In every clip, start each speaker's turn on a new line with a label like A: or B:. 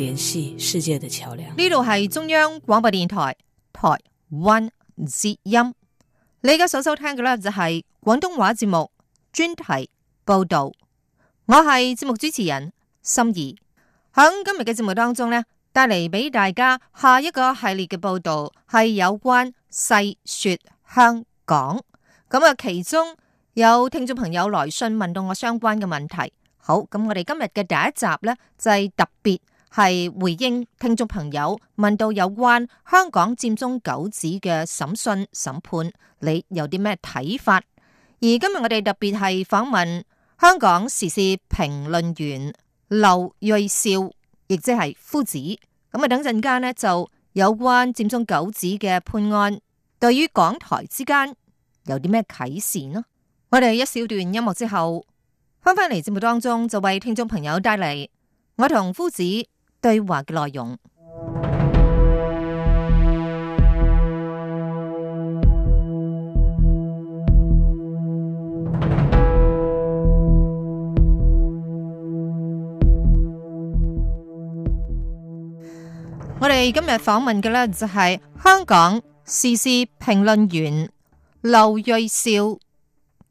A: 聯繫世界的橋樑。呢度係中央廣播電台台灣之音。你而家所收聽嘅咧就係廣東話節目專題報道。我係節目主持人心儀。響今日嘅節目當中呢，帶嚟俾大家下一個系列嘅報道係有關細說香港。咁啊，其中有聽眾朋友來信問到我相關嘅問題。好，咁我哋今日嘅第一集呢，就係特別。係回應聽眾朋友問到有關香港佔中九子嘅審訊審判，你有啲咩睇法？而今日我哋特別係訪問香港時事評論員劉銳紹，亦即係夫子。咁啊，等陣間呢，就有關佔中九子嘅判案，對於港台之間有啲咩啟示呢？我哋一小段音樂之後，翻返嚟節目當中，就為聽眾朋友帶嚟我同夫子。對話嘅內容。 我哋今日訪問嘅呢就係香港時事評論員劉銳紹。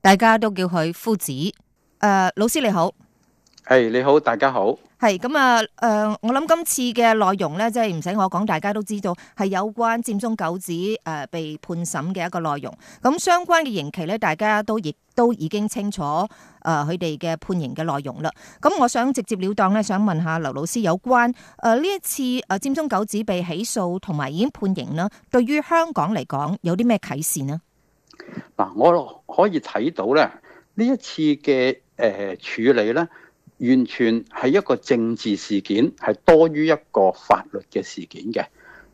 A: 大家都叫佢夫子。呃，老師你好。
B: 係、hey, 你好，大家好。
A: 係咁啊，誒、呃，我諗今次嘅內容呢，即係唔使我講，大家都知道係有關佔中九子誒被判審嘅一個內容。咁相關嘅刑期呢，大家都亦都已經清楚誒，佢哋嘅判刑嘅內容啦。咁我想直接了當呢，想問下劉老師有關誒呢、呃、一次誒佔中九子被起訴同埋已經判刑呢，對於香港嚟講有啲咩啟示呢？
B: 嗱，我可以睇到咧呢一次嘅誒、呃、處理呢，完全係一個政治事件，係多於一個法律嘅事件嘅。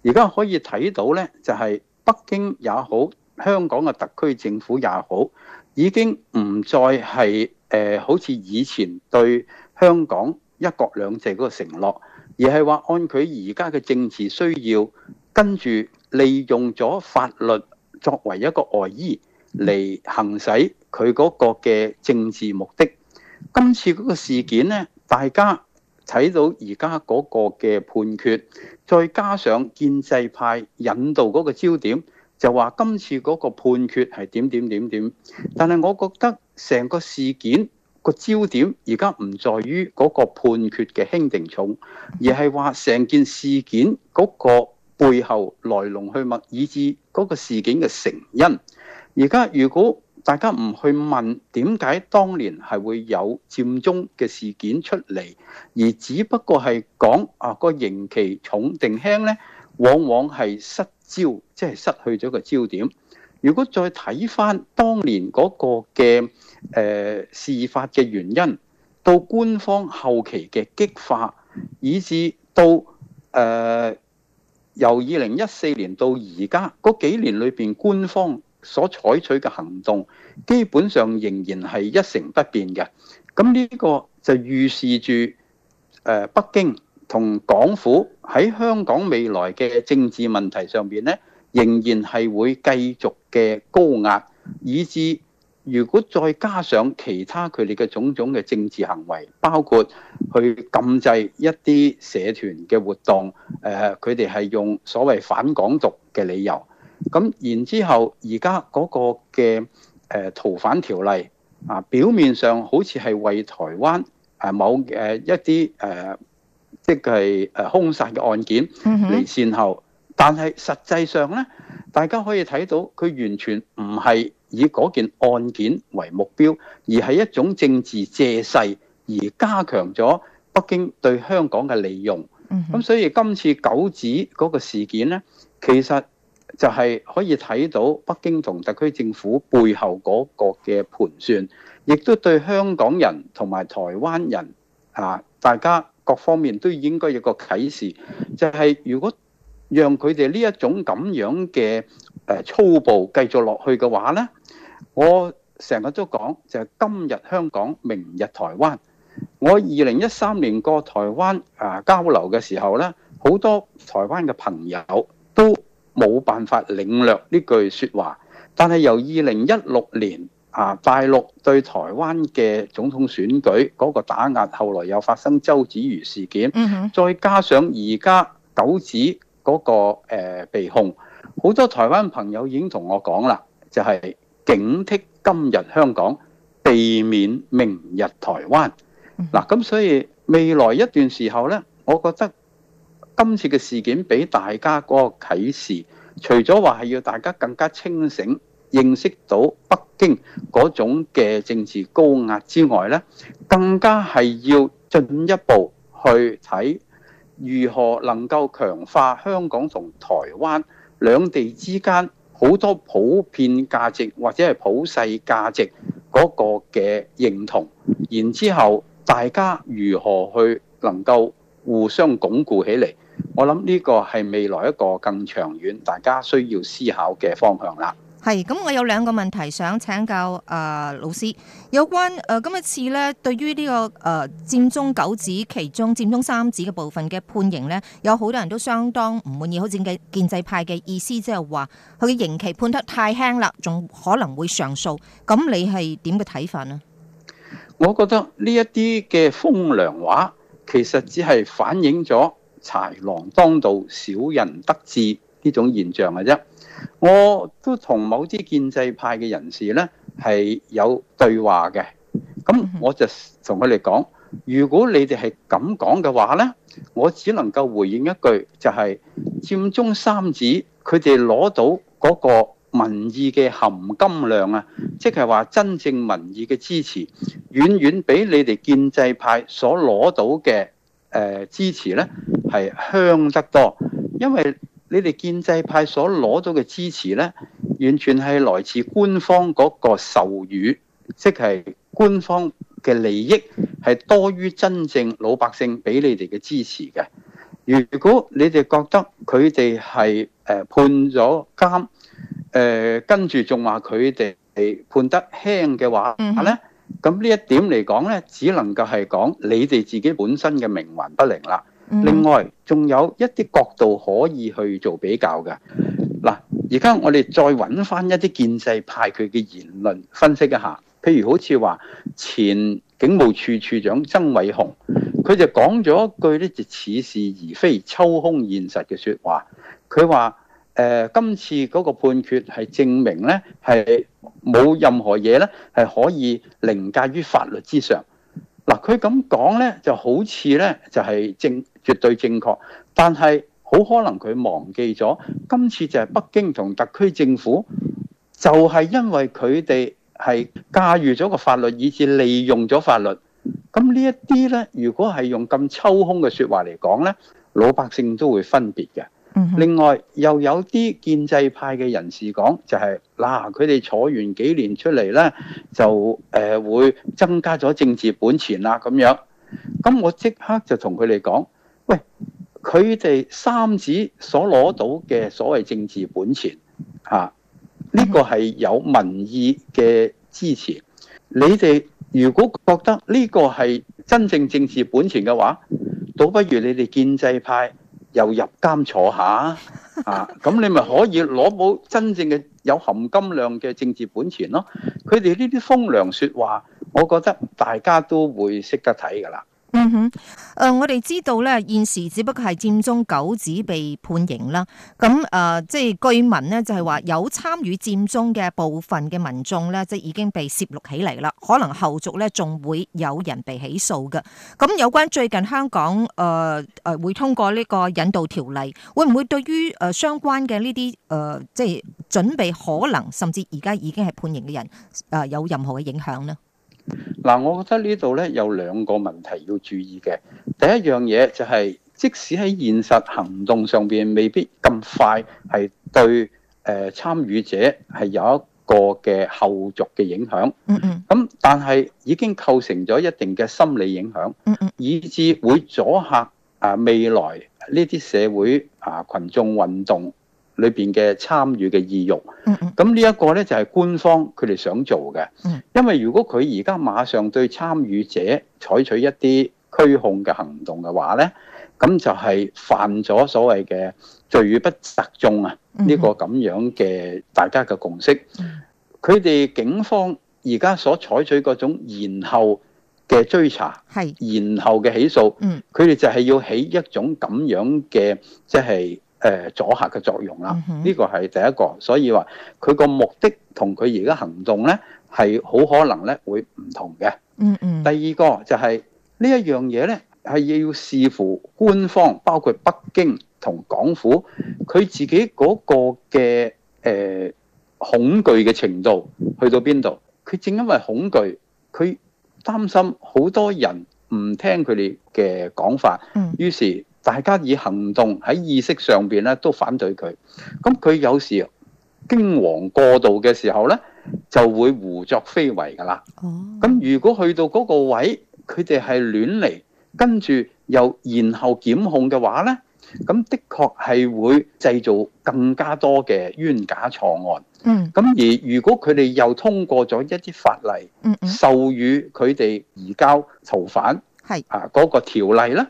B: 而家可以睇到呢，就係北京也好，香港嘅特區政府也好，已經唔再係、呃、好似以前對香港一國兩制嗰個承諾，而係話按佢而家嘅政治需要，跟住利用咗法律作為一個外衣嚟行使佢嗰個嘅政治目的。今次嗰個事件咧，大家睇到而家嗰個嘅判決，再加上建制派引導嗰個焦點，就話今次嗰個判決係點點點點，但係我覺得成個事件個焦點而家唔在於嗰個判決嘅輕定重，而係話成件事件嗰個背後來龍去脈以至嗰個事件嘅成因。而家如果大家唔去問點解當年係會有佔中嘅事件出嚟，而只不過係講啊個刑期重定輕呢，往往係失焦，即係失去咗個焦點。如果再睇翻當年嗰個嘅誒事發嘅原因，到官方後期嘅激化，以至到誒由二零一四年到而家嗰幾年裏邊官方所採取嘅行動，基本上仍然係一成不變嘅。咁呢個就預示住，誒北京同港府喺香港未來嘅政治問題上邊咧，仍然係會繼續嘅高壓，以至如果再加上其他佢哋嘅種種嘅政治行為，包括去禁制一啲社團嘅活動，誒佢哋係用所謂反港獨嘅理由。咁然之後，而家嗰個嘅誒逃犯條例啊，表面上好似係為台灣誒某誒一啲誒即係誒兇殺嘅案件嚟善後，但係實際上咧，大家可以睇到佢完全唔係以嗰件案件為目標，而係一種政治借勢而加強咗北京對香港嘅利用。咁所以今次九子嗰個事件咧，其實。就係可以睇到北京同特區政府背後嗰個嘅盤算，亦都對香港人同埋台灣人啊，大家各方面都應該有個啟示。就係如果讓佢哋呢一種咁樣嘅誒粗暴繼續落去嘅話呢，我成日都講，就係今日香港，明日台灣。我二零一三年過台灣啊交流嘅時候呢，好多台灣嘅朋友都。冇辦法領略呢句說話，但係由二零一六年啊，大陸對台灣嘅總統選舉嗰個打壓，後來又發生周子瑜事件，mm -hmm. 再加上而家九子嗰個被控，好多台灣朋友已經同我講啦，就係警惕今日香港，避免明日台灣。嗱，咁所以未來一段時候呢，我覺得。今次嘅事件俾大家嗰個啟示，除咗話，係要大家更加清醒認識到北京嗰種嘅政治高壓之外咧，更加係要進一步去睇如何能夠強化香港同台灣兩地之間好多普遍價值或者係普世價值嗰個嘅認同，然之後大家如何去能夠。互相鞏固起嚟，我諗呢個係未來一個更長遠大家需要思考嘅方向啦。
A: 係，咁我有兩個問題想請教啊老師，有關誒咁一次呢，對於呢個誒佔中九子其中佔中三子嘅部分嘅判刑呢，有好多人都相當唔滿意，好似嘅建制派嘅意思，即係話佢嘅刑期判得太輕啦，仲可能會上訴。咁你係點嘅睇法呢？
B: 我覺得呢一啲嘅風涼話。其實只係反映咗豺狼當道、小人得志呢種現象嘅啫。我都同某啲建制派嘅人士呢係有對話嘅。咁我就同佢哋講：如果你哋係咁講嘅話呢，我只能夠回應一句，就係佔中三子佢哋攞到嗰個民意嘅含金量啊，即係話真正民意嘅支持，遠遠比你哋建制派所攞到嘅誒支持咧，係香得多。因為你哋建制派所攞到嘅支持咧，完全係來自官方嗰個授予，即係官方嘅利益係多於真正老百姓俾你哋嘅支持嘅。如果你哋覺得佢哋係誒判咗監。誒跟住仲話佢哋判得輕嘅話咧，咁、嗯、呢一點嚟講咧，只能夠係講你哋自己本身嘅命運不靈啦、嗯。另外仲有一啲角度可以去做比較嘅。嗱，而家我哋再揾翻一啲建制派佢嘅言論分析一下，譬如好似話前警務處處處長曾偉雄，佢就講咗一句呢，就似是而非、抽空現實嘅說話，佢話。誒、呃，今次嗰個判決係證明咧，係冇任何嘢咧係可以凌駕於法律之上。嗱、呃，佢咁講咧，就好似咧就係、是、正絕對正確，但係好可能佢忘記咗，今次就係北京同特區政府就係、是、因為佢哋係駕馭咗個法律，以至利用咗法律。咁呢一啲咧，如果係用咁抽空嘅説話嚟講咧，老百姓都會分別嘅。另外又有啲建制派嘅人士講，就係、是、嗱，佢、啊、哋坐完幾年出嚟呢，就誒、呃、會增加咗政治本錢啦咁樣。咁我即刻就同佢哋講：「喂，佢哋三子所攞到嘅所謂政治本錢嚇呢個係有民意嘅支持。你哋如果覺得呢個係真正政治本錢嘅話，倒不如你哋建制派，又入監坐下啊！咁你咪可以攞到真正嘅有含金量嘅政治本錢咯。佢哋呢啲風涼説話，我覺得大家都會識得睇㗎啦。
A: 嗯哼，誒、呃，我哋知道咧，現時只不過係佔中九子被判刑啦。咁誒、呃，即係據聞呢就係、是、話有參與佔中嘅部分嘅民眾咧，即係已經被攝錄起嚟啦。可能後續咧，仲會有人被起訴嘅。咁有關最近香港誒誒、呃，會通過呢個引渡條例，會唔會對於誒相關嘅呢啲誒，即係準備可能甚至而家已經係判刑嘅人誒、呃，有任何嘅影響呢？
B: 嗱，我覺得呢度咧有兩個問題要注意嘅。第一樣嘢就係，即使喺現實行動上邊，未必咁快係對誒參與者係有一個嘅後續嘅影響，嗯咁，但係已經構成咗一定嘅心理影響，嗯嗯，以致會阻嚇啊未來呢啲社會啊群眾運動。裏邊嘅參與嘅意欲，咁呢一個呢，就係、是、官方佢哋想做嘅，因為如果佢而家馬上對參與者採取一啲拘控嘅行動嘅話呢，咁就係犯咗所謂嘅罪不責眾啊！呢、這個咁樣嘅大家嘅共識，佢、嗯、哋、嗯、警方而家所採取嗰種延後嘅追查，係延後嘅起訴，佢、嗯、哋就係要起一種咁樣嘅，即係。誒、呃、阻嚇嘅作用啦，呢個係第一個，mm -hmm. 所以話佢個目的同佢而家行動呢，係好可能呢會唔同嘅。嗯嗯。第二個就係、是、呢一樣嘢呢係要視乎官方，包括北京同港府，佢自己嗰個嘅誒、呃、恐懼嘅程度去到邊度？佢正因為恐懼，佢擔心好多人唔聽佢哋嘅講法，mm -hmm. 於是。大家以行動喺意識上邊咧都反對佢，咁佢有時驚惶過度嘅時候咧，就會胡作非為噶啦。哦，咁如果去到嗰個位，佢哋係亂嚟，跟住又然後檢控嘅話咧，咁的確係會製造更加多嘅冤假錯案。嗯，咁而如果佢哋又通過咗一啲法例，授予佢哋移交囚犯。啊、那個，嗰個條例啦，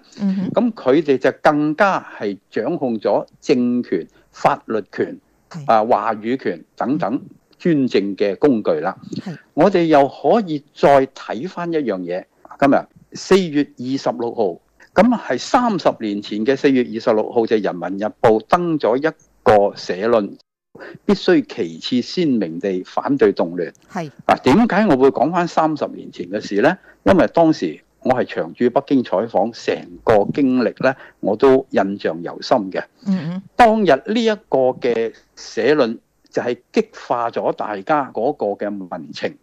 B: 咁佢哋就更加係掌控咗政權、法律權、啊話語權等等專政嘅工具啦。我哋又可以再睇翻一樣嘢，今日四月二十六號，咁係三十年前嘅四月二十六號就係《人民日報》登咗一個社論，必須其次鮮明地反對動亂。係嗱，點解我會講翻三十年前嘅事呢？因為當時。我係長駐北京採訪，成個經歷咧，我都印象猶深嘅。Mm -hmm. 當日呢一個嘅社論就係激化咗大家嗰個嘅民情，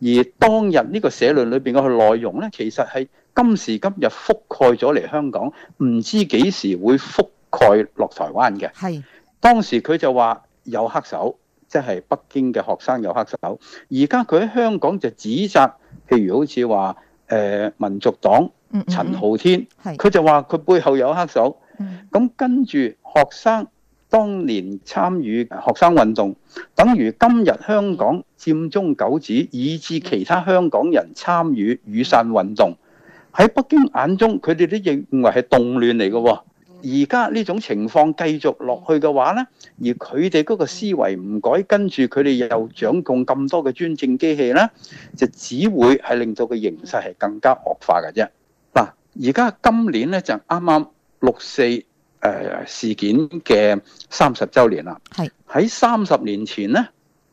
B: 而當日呢個社論裏邊嗰個內容咧，其實係今時今日覆蓋咗嚟香港，唔知幾時會覆蓋落台灣嘅。係、mm -hmm. 當時佢就話有黑手，即、就、係、是、北京嘅學生有黑手。而家佢喺香港就指責，譬如好似話。民族黨陳浩天，佢就話佢背後有黑手，咁跟住學生當年參與學生運動，等於今日香港佔中九子，以至其他香港人參與雨傘運動，喺北京眼中，佢哋都認為係動亂嚟嘅喎。而家呢種情況繼續落去嘅話呢，而佢哋嗰個思維唔改，跟住佢哋又掌控咁多嘅專政機器呢就只會係令到個形勢係更加惡化嘅啫。嗱、啊，而家今年呢，就啱、是、啱六四誒、呃、事件嘅三十週年啦。係喺三十年前呢，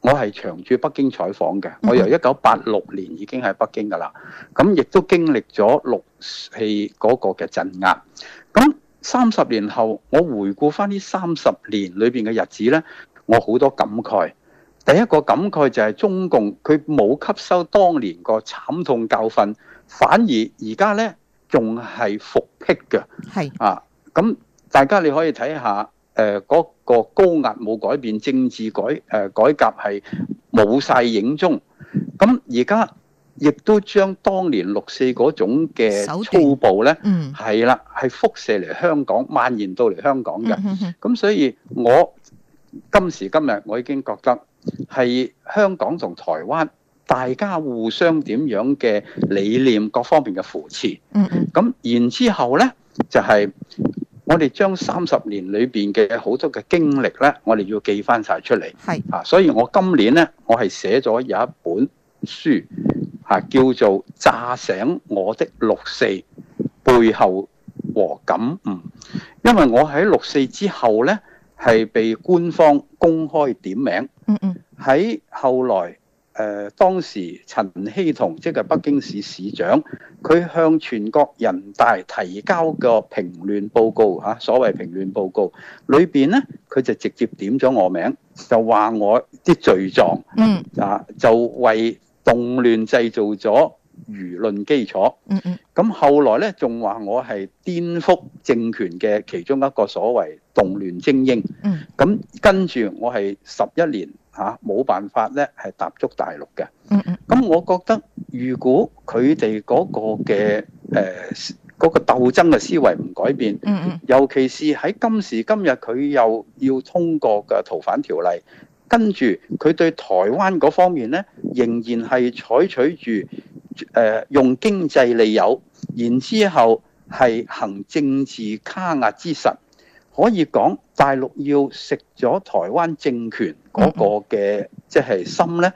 B: 我係長駐北京採訪嘅，我由一九八六年已經喺北京噶啦，咁亦都經歷咗六四嗰個嘅鎮壓。三十年後，我回顧翻呢三十年裏邊嘅日子呢，我好多感慨。第一個感慨就係中共佢冇吸收當年個慘痛教訓，反而而家呢仲係復辟嘅。係啊，咁大家你可以睇下誒嗰、呃那個高壓冇改變，政治改誒、呃、改革係冇晒影蹤。咁而家。亦都將當年六四嗰種嘅粗暴咧，嗯，係啦，係輻射嚟香港，蔓延到嚟香港嘅。咁所以，我今時今日，我已經覺得係香港同台灣大家互相點樣嘅理念各方面嘅扶持。咁然之後咧，就係我哋將三十年裏邊嘅好多嘅經歷咧，我哋要記翻晒出嚟。係啊，所以我今年咧，我係寫咗有一本書。啊，叫做炸醒我的六四背後和感悟，因為我喺六四之後呢，係被官方公開點名。嗯嗯，喺後來誒、呃，當時陳希同即係北京市市長，佢向全國人大提交嘅評論報告、啊，所謂評論報告裏面呢，佢就直接點咗我名，就話我啲罪狀。嗯，啊，就為。動亂製造咗輿論基礎，咁後來咧，仲話我係顛覆政權嘅其中一個所謂動亂精英，咁跟住我係十一年嚇冇、啊、辦法咧係踏足大陸嘅，咁我覺得如果佢哋嗰個嘅誒嗰個鬥爭嘅思維唔改變，尤其是喺今時今日佢又要通過嘅逃犯條例。跟住佢對台灣嗰方面咧，仍然係採取住誒、呃、用經濟利誘，然之後係行政治卡壓之實，可以講大陸要食咗台灣政權嗰個嘅即係心咧，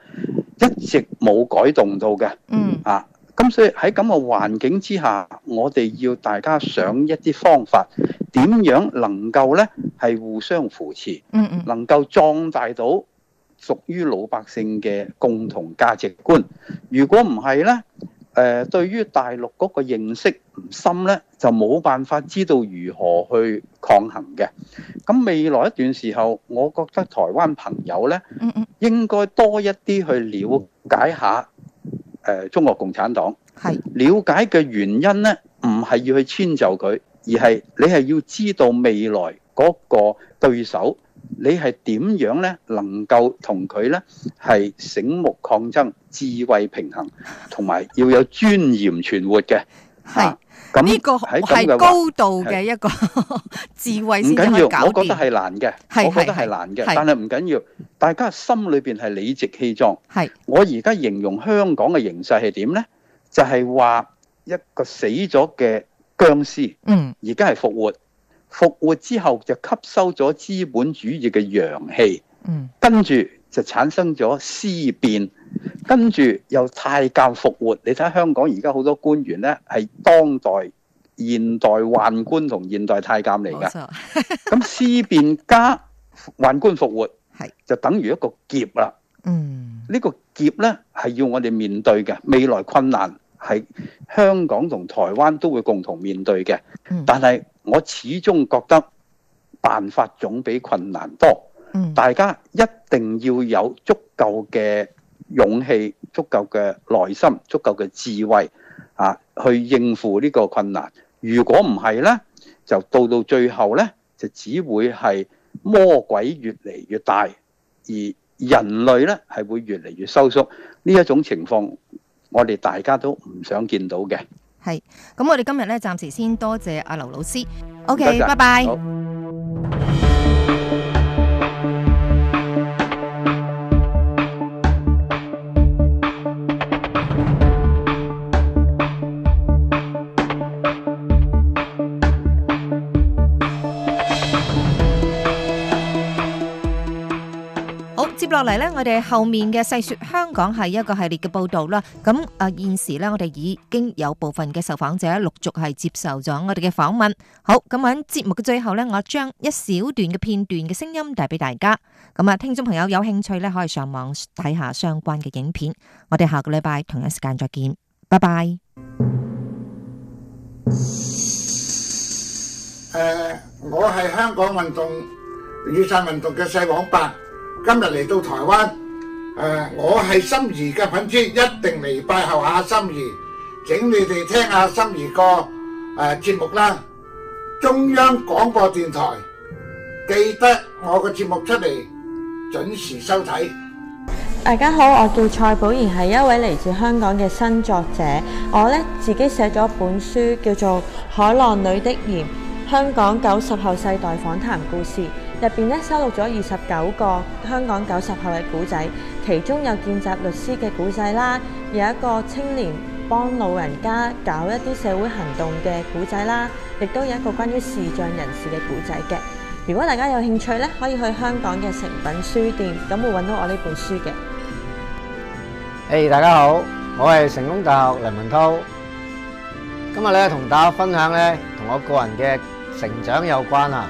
B: 一直冇改動到嘅。嗯啊。咁所以喺咁嘅環境之下，我哋要大家想一啲方法，點樣能夠呢係互相扶持，能夠壯大到屬於老百姓嘅共同價值觀。如果唔係呢，誒、呃、對於大陸嗰個認識唔深呢，就冇辦法知道如何去抗衡嘅。咁未來一段時候，我覺得台灣朋友呢，應該多一啲去了解下。誒，中國共產黨係了解嘅原因咧，唔係要去遷就佢，而係你係要知道未來嗰個對手，你係點樣咧能夠同佢咧係醒目抗爭、智慧平衡，同埋要有尊嚴存活嘅。係、啊。呢個係高度
A: 嘅一個智慧先可以搞掂。唔緊要，我覺
B: 得係難嘅。是是是我覺得難是是是是係難嘅，但係唔緊要。大家心裏邊係理直氣壯。係，我而家形容香港嘅形勢係點咧？就係、是、話一個死咗嘅僵屍，嗯，而家係復活，復活之後就吸收咗資本主義嘅陽氣，嗯，跟住就產生咗屍變。跟住又太監復活，你睇香港而家好多官員呢，係當代現代宦官同現代太監嚟嘅。咁 思辨加宦官復活，係就等於一個劫啦。嗯，呢、這個劫呢，係要我哋面對嘅未來困難，係香港同台灣都會共同面對嘅、嗯。但係我始終覺得辦法總比困難多。嗯、大家一定要有足夠嘅。勇氣、足夠嘅耐心、足夠嘅智慧啊，去應付呢個困難。如果唔係呢，就到到最後呢，就只會係魔鬼越嚟越大，而人類呢係會越嚟越收縮。呢一種情況，我哋大家都唔想見到嘅。
A: 係，咁我哋今日呢，暫時先多謝阿劉老師。
B: OK，拜，okay, 拜。
A: 嚟呢，我哋後面嘅細說香港係一個系列嘅報道啦。咁啊，現時呢，我哋已經有部分嘅受訪者陸續係接受咗我哋嘅訪問。好，咁喺節目嘅最後呢，我將一小段嘅片段嘅聲音帶俾大家。咁啊，聽眾朋友有興趣呢，可以上網睇下相關嘅影片。我哋下個禮拜同一時間再見，拜拜。誒、呃，我係香港運
B: 動雨傘運動嘅細王白。今日嚟到台灣，誒，我係心儀嘅粉絲，一定嚟拜候下心儀，請你哋聽下心儀個誒節目啦。中央廣播電台，記得我個節目出嚟準時收睇。
A: 大家好，我叫蔡寶賢，係一位嚟自香港嘅新作者。我呢自己寫咗本書，叫做《海浪裏的鹽：香港九十後世代訪談故事》。入邊咧，收錄咗二十九個香港九十後嘅古仔，其中有見習律師嘅古仔啦，有一個青年幫老人家搞一啲社會行動嘅古仔啦，亦都有一個關於視障人士嘅古仔嘅。如果大家有興趣咧，可以去香港嘅誠品書店，咁會搵到我呢本
B: 書嘅。誒，大家好，我係成功大學梁文濤，今日咧，同大家分享咧，同我個人嘅成長有關啊。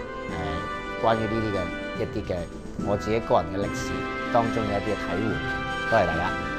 B: 關於呢啲嘅一啲嘅我自己個人嘅歷史當中有一啲嘅體會，多謝大家。